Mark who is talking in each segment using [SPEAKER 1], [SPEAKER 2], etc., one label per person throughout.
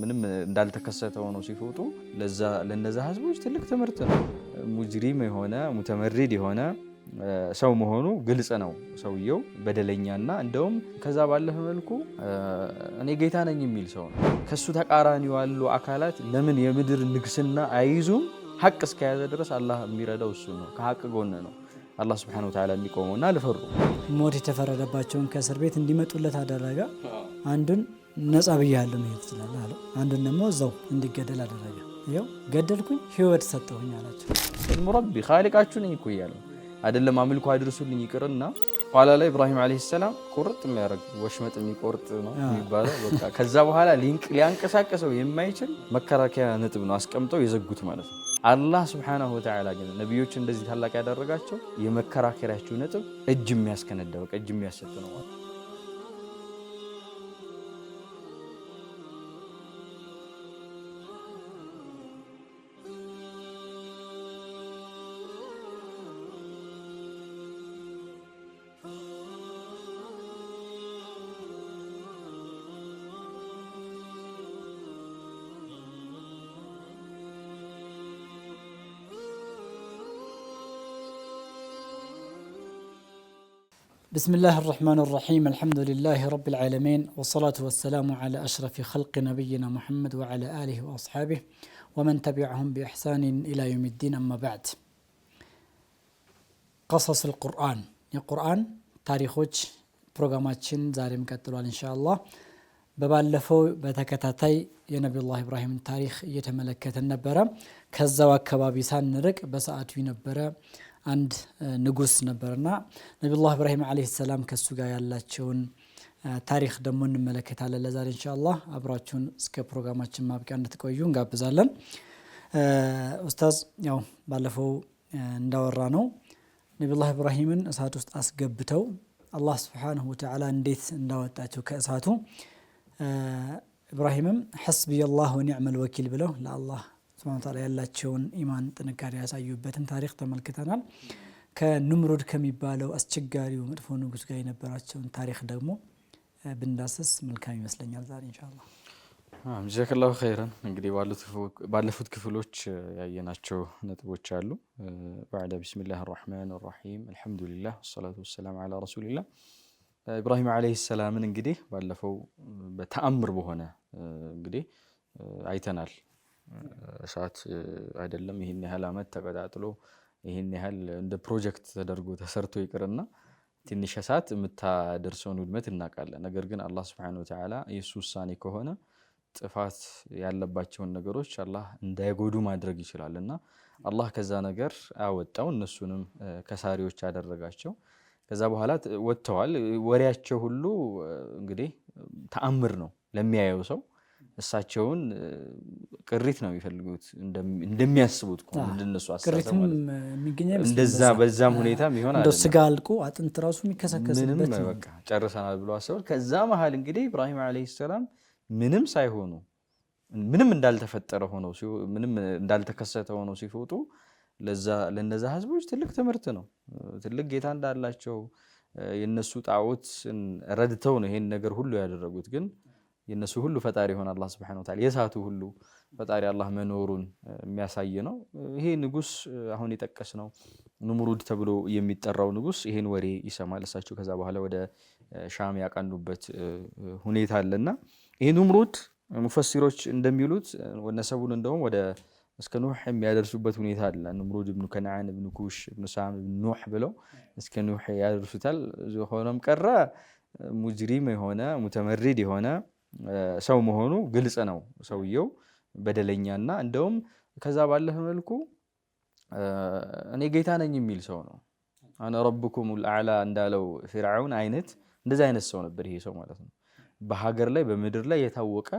[SPEAKER 1] ምንም እንዳልተከሰተ ሆነው ሲፎጡ ለነዛ ህዝቦች ትልቅ ትምህርት ነው። ሙጅሪም የሆነ ሙተመሪድ የሆነ ሰው መሆኑ ግልጽ ነው። ሰውየው በደለኛና እንደውም ከዛ ባለፈ መልኩ እኔ ጌታ ነኝ የሚል ሰው ነው። ከሱ ተቃራኒ ያሉ አካላት ለምን የምድር ንግስና አይይዙም? ሀቅ እስከያዘ ድረስ አላህ የሚረዳው እሱ ነው። ከሀቅ ጎን ነው አላህ ስብሐነሁ ወተዓላ የሚቆመውና አልፈሩ
[SPEAKER 2] ሞት የተፈረደባቸውን ከእስር ቤት እንዲመጡለት አደረገ አንዱን ነጻ ብያለሁ መሄድ ትችላለህ አለው። አንዱን ደግሞ እዛው እንዲገደል አደረገ። ይኸው ገደልኩኝ፣ ህይወት ሰጠሁኝ አላቸው። ስሙ
[SPEAKER 1] ረቢ ካሊቃችሁ ነኝ እኮ እያለ አይደለም አምልኮ አድርሱልኝ ይቅርና ኋላ ላይ ኢብራሂም ዓለይሂ ሰላም ቁርጥ የሚያደርግ ወሽመጥ የሚቆርጥ ነው የሚባለው። በቃ ከዛ በኋላ ሊያንቀሳቀሰው የማይችል መከራከያ ነጥብ ነው አስቀምጠው የዘጉት ማለት ነው። አላህ ስብሓናሁ ወተዓላ ግን ነቢዮች እንደዚህ ታላቅ ያደረጋቸው የመከራከሪያቸው ነጥብ እጅ የሚያስከነዳ በቃ እጅ የሚያሰጥ ነው።
[SPEAKER 2] بسم الله الرحمن الرحيم الحمد لله رب العالمين والصلاة والسلام على أشرف خلق نبينا محمد وعلى آله وأصحابه ومن تبعهم بإحسان إلى يوم الدين أما بعد قصص القرآن القرآن تاريخوች ፕሮግራማችን ዛሬም ቀጥሏል እንሻአላ በባለፈው በተከታታይ የነቢዩላህ ኢብራሂምን ታሪክ እየተመለከተን ነበረ ከዛው አካባቢ نرك በሰዓቱ ነበረ አንድ ንጉስ ነበርና ነቢዩላህ ኢብራሂም ዓለይሂ ሰላም ከእሱ ጋር ያላቸውን ታሪክ ደግሞ እንመለከታለን። ለዛሬ ኢንሻአላህ አብራችሁን እስከ ፕሮግራማችን ማብቂያ እንድትቆዩ እንጋብዛለን። ኡስታዝ ያው ባለፈው እንዳወራ ነው ነቢዩላህ ኢብራሂምን እሳት ውስጥ አስገብተው አላህ ስብሓነሁ ወተዓላ እንዴት እንዳወጣቸው ከእሳቱ ኢብራሂምም ሐስቢየላህ ወኒዕመል ወኪል ብለው ለአላህ ስብሃነ ተዓላ ያላቸውን ኢማን ጥንካሬ ያሳዩበትን ታሪክ ተመልክተናል። ከኑምሩድ ከሚባለው አስቸጋሪው መጥፎ ንጉስ ጋር የነበራቸውን ታሪክ ደግሞ ብንዳሰስ መልካም ይመስለኛል። ዛሬ እንሻላ
[SPEAKER 1] ጀዛከላሁ ኸይረን። እንግዲህ ባለፉት ክፍሎች ያየናቸው ነጥቦች አሉ። ባዕዳ ብስሚላህ ራሕማን ራሒም አልሐምዱሊላህ ወሰላቱ ወሰላም ዓላ ረሱሊላህ ኢብራሂም ዓለይሂ ሰላምን እንግዲህ ባለፈው በተአምር በሆነ እንግዲህ አይተናል። እሳት አይደለም ይህን ያህል አመት ተቀጣጥሎ ይህን ያህል እንደ ፕሮጀክት ተደርጎ ተሰርቶ ይቅርና ትንሽ እሳት የምታደርሰውን ውድመት እናውቃለን። ነገር ግን አላህ ስብሐነሁ ወተዓላ የእሱ ውሳኔ ከሆነ ጥፋት ያለባቸውን ነገሮች አላህ እንዳይጎዱ ማድረግ ይችላል እና አላህ ከዛ ነገር አወጣው፣ እነሱንም ከሳሪዎች አደረጋቸው። ከዛ በኋላ ወጥተዋል። ወሬያቸው ሁሉ እንግዲህ ተአምር ነው ለሚያየው ሰው እሳቸውን ቅሪት ነው የሚፈልጉት እንደሚያስቡት እንደነሱ ቅሪትም እንደዛ በዛም ሁኔታ ሆን ስጋ
[SPEAKER 2] አልቆ አጥንት ራሱ የሚከሰከስበት
[SPEAKER 1] ጨርሰናል ብሎ አስበል። ከዛ መሀል እንግዲህ ኢብራሂም ዓለይሂ ሰላም ምንም ሳይሆኑ ምንም እንዳልተፈጠረ ሆነው ምንም እንዳልተከሰተ ሆነው ሲፈጡ ለነዛ ህዝቦች ትልቅ ትምህርት ነው። ትልቅ ጌታ እንዳላቸው የነሱ ጣዖትን ረድተው ነው ይሄን ነገር ሁሉ ያደረጉት ግን የእነሱ ሁሉ ፈጣሪ የሆነ አላህ ስብሐነሁ ወተዓላ የሳቱ ሁሉ ፈጣሪ አላህ መኖሩን የሚያሳይ ነው። ይሄ ንጉስ አሁን የጠቀስ ነው ኑምሩድ ተብሎ የሚጠራው ንጉስ ይሄን ወሬ ይሰማል። እሳቸው ከዛ በኋላ ወደ ሻም ያቀኑበት ሁኔታ አለና ይሄ ኑምሩድ ሙፈሲሮች እንደሚሉት ወነሰቡን እንደውም ወደ እስከ ኑሕ የሚያደርሱበት ሁኔታ አለ። ኑምሩድ እብኑ ከነዓን እብኑ ኩሽ እብኑ ሳም እብኑ ኑሕ ብለው እስከ ኑሕ ያደርሱታል። ሆኖም ቀረ ሙጅሪም የሆነ ሙተመሪድ የሆነ ሰው መሆኑ ግልጽ ነው። ሰውየው በደለኛ ና እንደውም ከዛ ባለፈ መልኩ እኔ ጌታ ነኝ የሚል ሰው ነው። አነ ረብኩም አዕላ እንዳለው ፊርዓውን አይነት እንደዚህ አይነት ሰው ነበር ይሄ ሰው ማለት ነው። በሀገር ላይ በምድር ላይ የታወቀ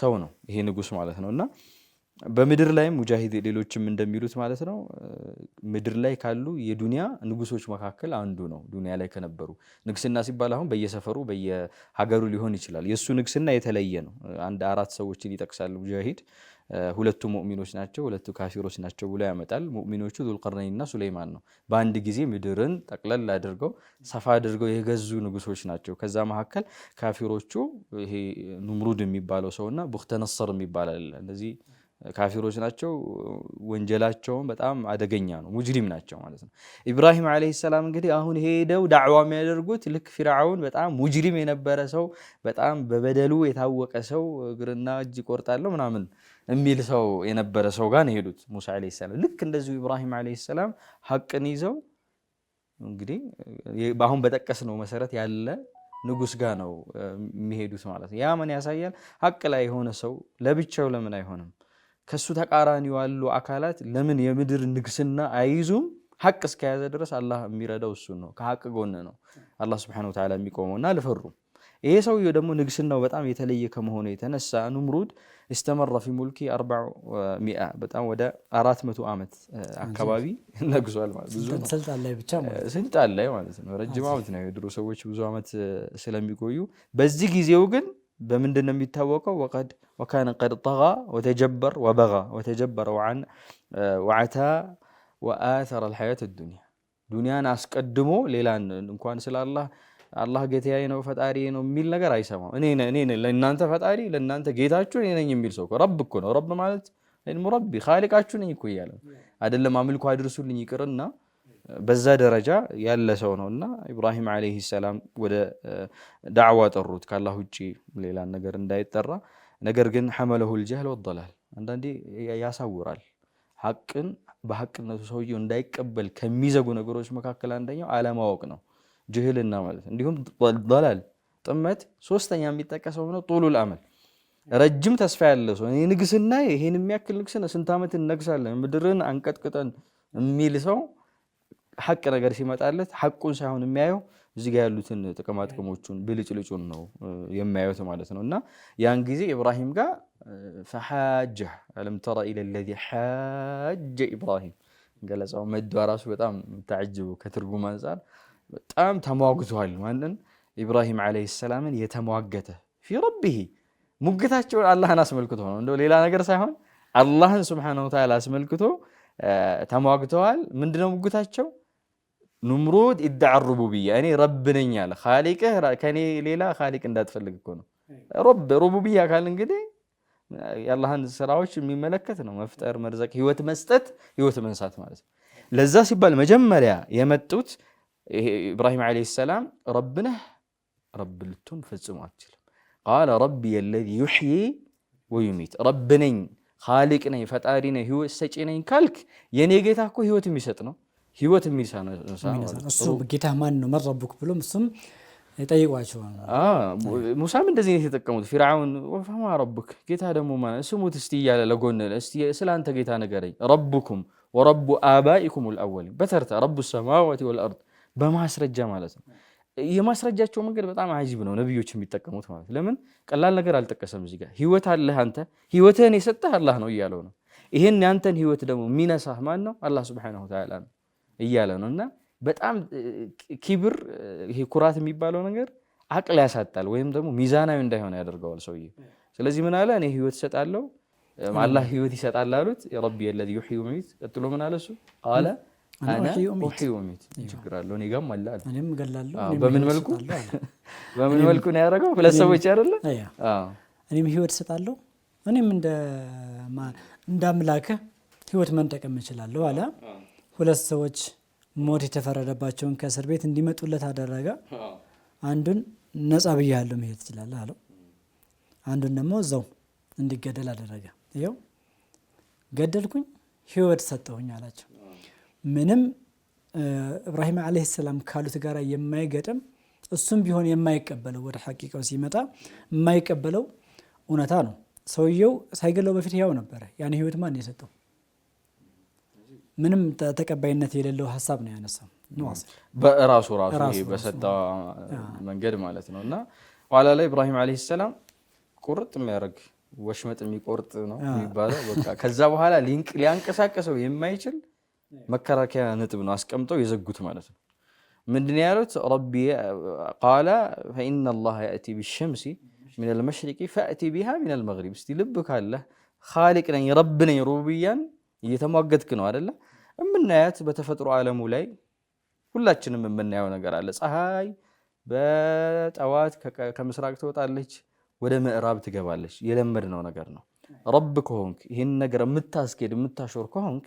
[SPEAKER 1] ሰው ነው ይሄ ንጉስ ማለት ነው እና በምድር ላይም ሙጃሂድ ሌሎችም እንደሚሉት ማለት ነው ምድር ላይ ካሉ የዱንያ ንጉሶች መካከል አንዱ ነው። ዱንያ ላይ ከነበሩ ንግስና ሲባል አሁን በየሰፈሩ በየሀገሩ ሊሆን ይችላል። የእሱ ንግስና የተለየ ነው። አንድ አራት ሰዎችን ይጠቅሳል ሙጃሂድ። ሁለቱ ሙእሚኖች ናቸው፣ ሁለቱ ካፊሮች ናቸው ብሎ ያመጣል። ሙእሚኖቹ ዙልቀርነይንና ሱሌይማን ነው። በአንድ ጊዜ ምድርን ጠቅለል አድርገው ሰፋ አድርገው የገዙ ንጉሶች ናቸው። ከዛ መካከል ካፊሮቹ ይሄ ኑምሩድ የሚባለው ሰውና ቡክተነሰር የሚባል አለ ካፊሮች ናቸው። ወንጀላቸውም በጣም አደገኛ ነው። ሙጅሪም ናቸው ማለት ነው። ኢብራሂም ዓለይሂ ሰላም እንግዲህ አሁን ሄደው ዳዕዋ የሚያደርጉት ልክ ፊርዓውን በጣም ሙጅሪም የነበረ ሰው፣ በጣም በበደሉ የታወቀ ሰው፣ እግርና እጅ ቆርጣለሁ ምናምን የሚል ሰው የነበረ ሰው ጋር ነው ሄዱት። ሙሳ ዓለይሂ ሰላም ልክ እንደዚሁ ኢብራሂም ዓለይሂ ሰላም ሐቅን ይዘው እንግዲህ አሁን በጠቀስነው መሰረት ያለ ንጉስ ጋር ነው የሚሄዱት ማለት ነው። ያ ምን ያሳያል? ሐቅ ላይ የሆነ ሰው ለብቻው ለምን አይሆንም? ከሱ ተቃራኒ ያሉ አካላት ለምን የምድር ንግስና አይይዙም? ሀቅ እስከያዘ ድረስ አላህ የሚረዳው እሱን ነው። ከሀቅ ጎን ነው አላህ ስብሐነሁ ወተዓላ የሚቆመውና አልፈሩም። ይሄ ሰውዬ ደግሞ ንግስናው በጣም የተለየ ከመሆኑ የተነሳ ኑምሩድ እስተመራ ፊ ሙልኪ አርባ በጣም ወደ አራት መቶ ዓመት አካባቢ ነግሷል። ስልጣን ላይ ማለት ነው። ረጅም ዓመት ነው። የድሮ ሰዎች ብዙ ዓመት ስለሚቆዩ በዚህ ጊዜው ግን በምንድን ነው የሚታወቀው? ወካነ ቀድ ጠጋ ወተጀበር ወበጋ ወተጀበረ ወዓታ ወአተረ አልሐያት ዱንያ ዱንያን አስቀድሞ ሌላን እንኳን ስለ አላህ አላህ ጌታዬ ነው ፈጣሪ ነው የሚል ነገር አይሰማም። እኔ ለእናንተ ፈጣሪ ለእናንተ ጌታችሁ እኔ ነኝ የሚል ሰው ረብ እኮ ነው። ረብ ማለት ረቢ ካሊቃችሁ ነኝ እኮ እያለ አይደለም አምልኮ አድርሱልኝ ይቅርና በዛ ደረጃ ያለ ሰው ነው እና ኢብራሂም ዓለይሂ ሰላም ወደ ዳዕዋ ጠሩት፣ ካላህ ውጭ ሌላ ነገር እንዳይጠራ። ነገር ግን ሐመለሁ ጀህል ወደላል አንዳንዴ ያሳውራል። ሐቅን በሐቅነቱ ሰውየው እንዳይቀበል ከሚዘጉ ነገሮች መካከል አንደኛው አለማወቅ ነው፣ ጅህልና ማለት እንዲሁም ደላል ጥመት። ሶስተኛ የሚጠቀሰው ነው ጡሉል አመል ረጅም ተስፋ ያለ ሰው እኔ ንግስና ይሄን የሚያክል ንግስና ስንት ዓመት እንነግሳለን ምድርን አንቀጥቅጠን የሚል ሰው ሀቅ ነገር ሲመጣለት ሀቁን ሳይሆን የሚያየው እዚህ ጋ ያሉትን ጥቅማ ጥቅሞቹን ብልጭልጩን ነው የሚያዩት ማለት ነው። እና ያን ጊዜ ኢብራሂም ጋር ፈሓጀ አለም ተራ ኢለ ለዚ ሓጀ ኢብራሂም ገለጻው መዷ ራሱ በጣም ተዓጅቡ ከትርጉም አንጻር በጣም ተሟግቷል። ማንን ኢብራሂም ዓለይሂ ሰላምን የተሟገተ ፊ ረቢሂ ሙግታቸውን አላህን አስመልክቶ ነው እንደው ሌላ ነገር ሳይሆን አላህን ስብሓነሁ ወተዓላ አስመልክቶ ተሟግተዋል። ምንድነው ሙግታቸው? نمرود ادعى الربوبيه يعني ربنا نيال خالقه كاني ليلا خالق اندات فلق يكون إيه. رب ربوبيه قال انقدي يلا هند سراوش مملكت نو مفطر مرزق هيوت مسطت هيوت منسات مالس لذا سيبال يا يمتوت إيه، ابراهيم عليه السلام ربنا رب لتون فصم قال ربي الذي يحيي ويميت ربنا خالقنا فطارينا هو سجينا كالك يني جيتاكو هيوت ميسطنو ህይወት የሚሳነሳ እሱ
[SPEAKER 2] ጌታ ማን ነው መረቡክ ብሎም እሱም ጠይቋቸው
[SPEAKER 1] ሙሳም እንደዚህ ነው የተጠቀሙት። ፊርዓውን ወፈማ ረቡክ ጌታ ደግሞ ማለት ስሙት እስቲ እያለ ለጎን ስለ አንተ ጌታ ንገረኝ። ረቡኩም ወረቡ አባኢኩም ልአወሊን በተርታ ረቡ ሰማዋት ወልአርድ በማስረጃ ማለት ነው። የማስረጃቸው መንገድ በጣም አጂብ ነው፣ ነቢዮች የሚጠቀሙት ማለት ለምን ቀላል ነገር አልጠቀሰም። እዚህ ጋር ህይወት አለህ አንተ ህይወትህን የሰጠህ አላህ ነው እያለው ነው። ይህን ያንተን ህይወት ደግሞ የሚነሳህ ማን ነው? አላህ ስብሓነሁ ተዓላ ነው። እያለ ነው እና በጣም ኪብር ይሄ ኩራት የሚባለው ነገር አቅል ያሳጣል፣ ወይም ደግሞ ሚዛናዊ እንዳይሆን ያደርገዋል ሰውዬ። ስለዚህ ምን አለ? እኔ ህይወት እሰጣለሁ አላህ ህይወት ይሰጣል አሉት። የረቢ ለዚ ዩሕይ ሚት ቀጥሎ ምን አለ እሱ ቃለ አነ አለ በምን
[SPEAKER 2] መልኩ ነው ያደረገው? ሁለት ሰዎች አይደለ? እኔም ህይወት እሰጣለሁ እኔም እንደ አምላክህ ህይወት መንጠቅም እችላለሁ አለ ሁለት ሰዎች ሞት የተፈረደባቸውን ከእስር ቤት እንዲመጡለት አደረገ። አንዱን ነጻ ብያለሁ መሄድ ትችላለህ አለው። አንዱን ደግሞ እዛው እንዲገደል አደረገ። ይኸው ገደልኩኝ፣ ህይወት ሰጠሁኝ አላቸው። ምንም እብራሂም ዓለይሂ ሰላም ካሉት ጋር የማይገጥም እሱም ቢሆን የማይቀበለው ወደ ሐቂቃው ሲመጣ የማይቀበለው እውነታ ነው። ሰውየው ሳይገለው በፊት ያው ነበረ። ያን ህይወት ማን የሰጠው? ምንም ተቀባይነት የሌለው ሀሳብ ነው ያነሳው
[SPEAKER 1] በራሱ ራሱ በሰጣ መንገድ ማለት ነው። እና ኋላ ላይ ኢብራሂም ዓለይሂ ሰላም ቁርጥ የሚያደርግ ወሽመጥ የሚቆርጥ ነው የሚባለው። በቃ ከዛ በኋላ ሊያንቀሳቀሰው የማይችል መከራከያ ነጥብ ነው አስቀምጠው የዘጉት ማለት ነው። ምንድን ያሉት ረቢ ቃለ ፈኢነ ላህ ያእቲ ቢሸምሲ ሚን አልመሽሪቂ ፈእቲ ቢሃ ሚን አልመግሪብ። እስቲ ልብ ካለህ ካሊቅ ነኝ ረብ ነኝ ሩብያን እየተሟገትክ ነው አደለም የምናያት በተፈጥሮ ዓለሙ ላይ ሁላችንም የምናየው ነገር አለ። ፀሐይ በጠዋት ከምስራቅ ትወጣለች፣ ወደ ምዕራብ ትገባለች። የለመድነው ነገር ነው። ረብ ከሆንክ ይህን ነገር የምታስኬድ የምታሾር ከሆንክ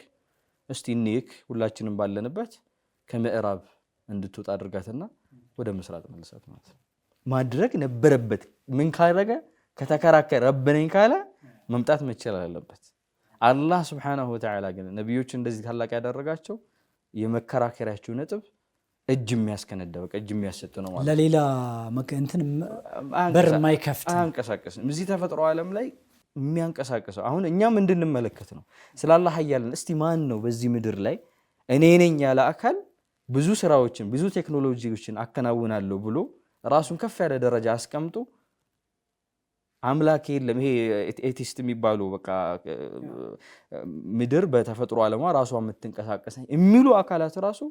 [SPEAKER 1] እስቲ እኔክ ሁላችንም ባለንበት ከምዕራብ እንድትወጣ አድርጋትና ወደ ምስራቅ መልሳት ማለት ነው። ማድረግ ነበረበት። ምን ካረገ ከተከራከረ ረብነኝ ካለ መምጣት መቻል አለበት። አላህ ስብሓናሁ ወተዓላ ግን ነቢዮች እንደዚህ ታላቅ ያደረጋቸው የመከራከሪያቸው ነጥብ እጅ የሚያስከነዳ በቃ እጅ የሚያሰጥ ነው ማለት ለሌላ
[SPEAKER 2] እንትን በር
[SPEAKER 1] የማይከፍት አያንቀሳቀስም። እዚህ ተፈጥሮ ዓለም ላይ የሚያንቀሳቀሰው አሁን እኛም እንድንመለከት ነው። ስለ አላህ ኃያልን እስቲ ማን ነው በዚህ ምድር ላይ እኔ ነኝ ያለ አካል ብዙ ስራዎችን ብዙ ቴክኖሎጂዎችን አከናውናለሁ ብሎ ራሱን ከፍ ያለ ደረጃ አስቀምጦ አምላክ የለም። ይሄ ኤቲስት የሚባሉ በቃ ምድር በተፈጥሮ ዓለሟ ራሷ የምትንቀሳቀስ የሚሉ አካላት ራሱ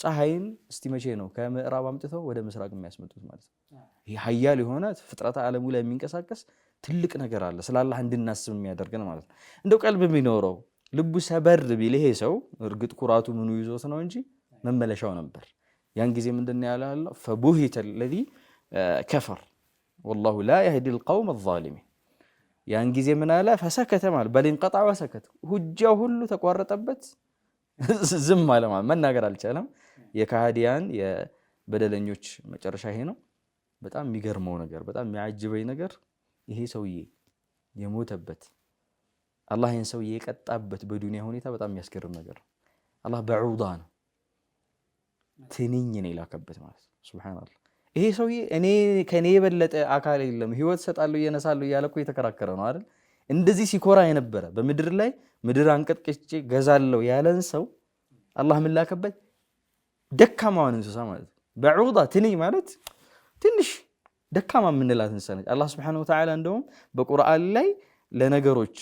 [SPEAKER 1] ፀሐይን እስቲ መቼ ነው ከምዕራብ አምጥተው ወደ ምስራቅ የሚያስመጡት ማለት ነው። ይህ ሀያል የሆነ ፍጥረታ ዓለሙ ላይ የሚንቀሳቀስ ትልቅ ነገር አለ ስላላህ እንድናስብ የሚያደርገን ማለት ነው። እንደው ቀልብ የሚኖረው ልቡ ሰበር ቢል ይሄ ሰው እርግጥ ኩራቱ ምኑ ይዞት ነው እንጂ መመለሻው ነበር። ያን ጊዜ ምንድን ያለ ፈቡሂተ ለዚ ከፈር ወላሁ ላ የህዲል ቀውም አዛሊሚን። ያን ጊዜ ምን አለ? ፈሰከተ ማለት በሊንቀጣ ወሰከት ሁጃው ሁሉ ተቋረጠበት፣ ዝም አለ ማለት መናገር አልቻለም። የካህዲያን የበደለኞች መጨረሻ ይሄ ነው። በጣም የሚገርመው ነገር በጣም የሚያጅበኝ ነገር ይሄ ሰውዬ የሞተበት አላህ ይህን ሰውዬ የቀጣበት በዱንያ ሁኔታ በጣም የሚያስገርም ነገር ነው። አላህ በዑዳ ነው ትንኝ ነው የላከበት ማለት ነው። ሱብሓነላህ ይሄ ሰውዬ እኔ ከእኔ የበለጠ አካል የለም ህይወት ሰጣለሁ እየነሳለሁ እያለ እኮ የተከራከረ ነው አይደል? እንደዚህ ሲኮራ የነበረ በምድር ላይ ምድር አንቀጥቅጬ ገዛለሁ ያለን ሰው አላህ ምን ላከበት? ደካማዋን እንስሳ ማለት በዑዳ ትንኝ ማለት ትንሽ ደካማ የምንላት እንስሳ ነች። አላህ ስብሐነሁ ወተዓላ እንደውም በቁርአን ላይ ለነገሮች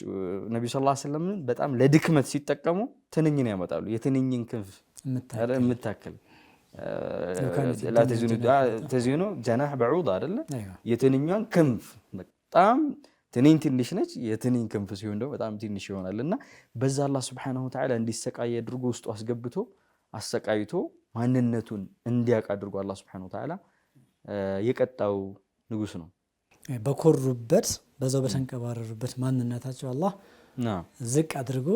[SPEAKER 1] ነቢዩ ሰለላሁ ዐለይሂ ወሰለም በጣም ለድክመት ሲጠቀሙ ትንኝን ያመጣሉ። የትንኝን ክንፍ የምታክል ተዚኑ ጀናህ በዑድ አይደለ? የትንኛን ክንፍ በጣም ትንኝ ትንሽ ነች። የትንኝ ክንፍ ሲሆን ደግሞ በጣም ትንሽ ይሆናል እና በዛ አላህ ስብሐነሁ ወተዓላ እንዲሰቃይ አድርጎ ውስጡ አስገብቶ አሰቃይቶ ማንነቱን እንዲያውቅ አድርጎ አላህ ስብሐነሁ ወተዓላ የቀጣው ንጉስ ነው።
[SPEAKER 2] በኮሩበት በዛው በተንቀባረሩበት ማንነታቸው አላህ ዝቅ አድርጎ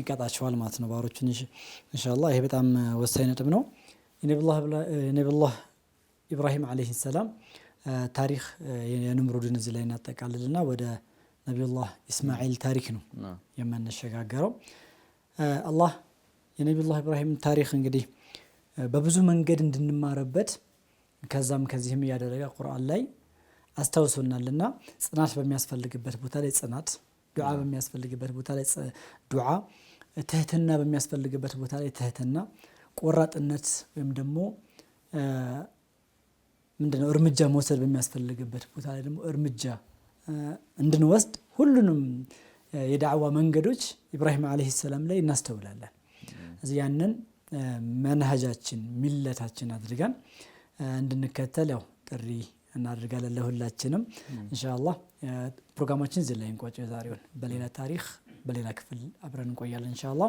[SPEAKER 2] ይቀጣቸዋል ማለት ነው ባሮቹን። ኢንሻአላህ ይሄ በጣም ወሳኝ ነጥብ ነው። የነቢዩላህ ኢብራሂም ዓለይሂ ሰላም ታሪክ የንምሩድን እዚህ ላይ እናጠቃልልና ወደ ነቢዩላህ ኢስማኤል ታሪክ ነው የምንሸጋገረው። አላህ የነቢዩላህ ኢብራሂም ታሪክ እንግዲህ በብዙ መንገድ እንድንማርበት ከዛም ከዚህም እያደረገ ቁርአን ላይ አስታውሶናልና ጽናት በሚያስፈልግበት ቦታ ላይ ጽናት፣ ዱዓ በሚያስፈልግበት ቦታ ላይ ዱዓ፣ ትህትና በሚያስፈልግበት ቦታ ላይ ትህትና ቆራጥነት ወይም ደግሞ ምንድነው እርምጃ መውሰድ በሚያስፈልግበት ቦታ ላይ ደግሞ እርምጃ እንድንወስድ ሁሉንም የዳዕዋ መንገዶች ኢብራሂም ዓለይሂ ሰላም ላይ እናስተውላለን። እዚህ ያንን መንሀጃችን ሚለታችን አድርገን እንድንከተል ያው ጥሪ እናደርጋለን ለሁላችንም። ኢንሻአላህ ፕሮግራማችን እዚህ ላይ እንቋጭ። ዛሬውን በሌላ ታሪክ በሌላ ክፍል አብረን እንቆያለን እንሻላ።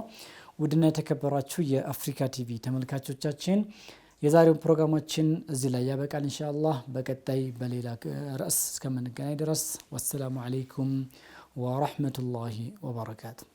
[SPEAKER 2] ውድና የተከበራችሁ የአፍሪካ ቲቪ ተመልካቾቻችን የዛሬውን ፕሮግራማችን እዚህ ላይ ያበቃል እንሻላ። በቀጣይ በሌላ ርዕስ እስከምንገናኝ ድረስ ወሰላሙ አለይኩም ወረህመቱላሂ ወበረካቱ።